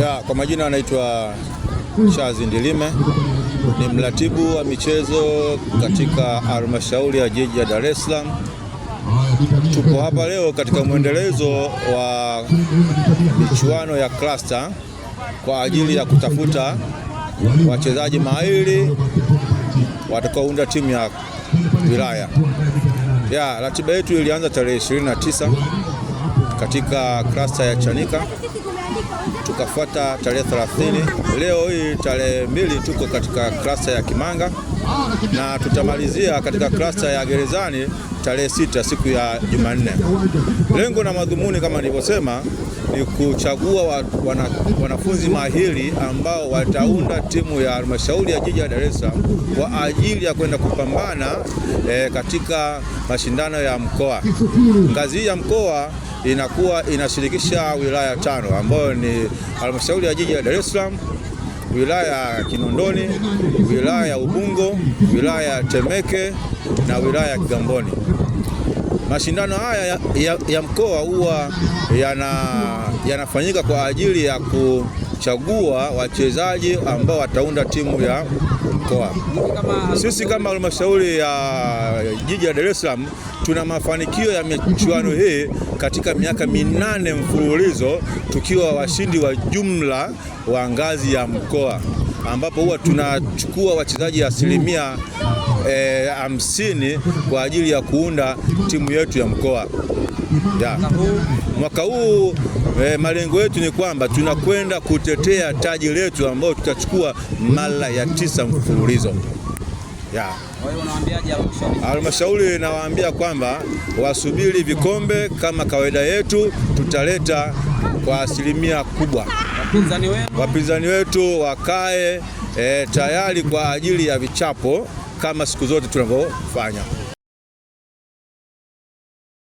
Ya, kwa majina anaitwa Chazi Ndilime ni mratibu wa michezo katika halmashauri ya jiji ya Dar es Salaam. Tuko hapa leo katika mwendelezo wa michuano ya cluster kwa ajili ya kutafuta wachezaji mahiri watakaounda timu ya wilaya. Ya, ratiba yetu ilianza tarehe 29 katika klasta ya Chanika, tukafuata tarehe 30. Leo hii tarehe mbili tuko katika klasta ya Kimanga na tutamalizia katika klasta ya gerezani tarehe sita siku ya Jumanne. Lengo na madhumuni kama nilivyosema ni kuchagua wa, wana, wanafunzi mahiri ambao wataunda timu ya halmashauri ya jiji la Dar es Salaam kwa ajili ya kwenda kupambana e, katika mashindano ya mkoa. Ngazi hii ya mkoa inakuwa inashirikisha wilaya tano ambayo ni halmashauri ya jiji la Dar es Salaam wilaya ya Kinondoni, wilaya ya Ubungo, wilaya ya Temeke na wilaya ya Kigamboni. Mashindano haya ya, ya, ya mkoa huwa yanafanyika yana kwa ajili ya ku kuchagua wachezaji ambao wataunda timu ya mkoa. Sisi kama halmashauri ya jiji la Dar es Salaam tuna mafanikio ya michuano hii katika miaka minane mfululizo tukiwa washindi wa jumla wa ngazi ya mkoa ambapo huwa tunachukua wachezaji asilimia eh, hamsini e, kwa ajili ya kuunda timu yetu ya mkoa ya. Mwaka huu e, malengo yetu ni kwamba tunakwenda kutetea taji letu ambayo tutachukua mara ya tisa mfululizo ya. Halmashauri inawaambia kwamba wasubiri vikombe kama kawaida yetu, tutaleta kwa asilimia kubwa. Wapinzani wetu wakae e, tayari kwa ajili ya vichapo kama siku zote tunavyofanya.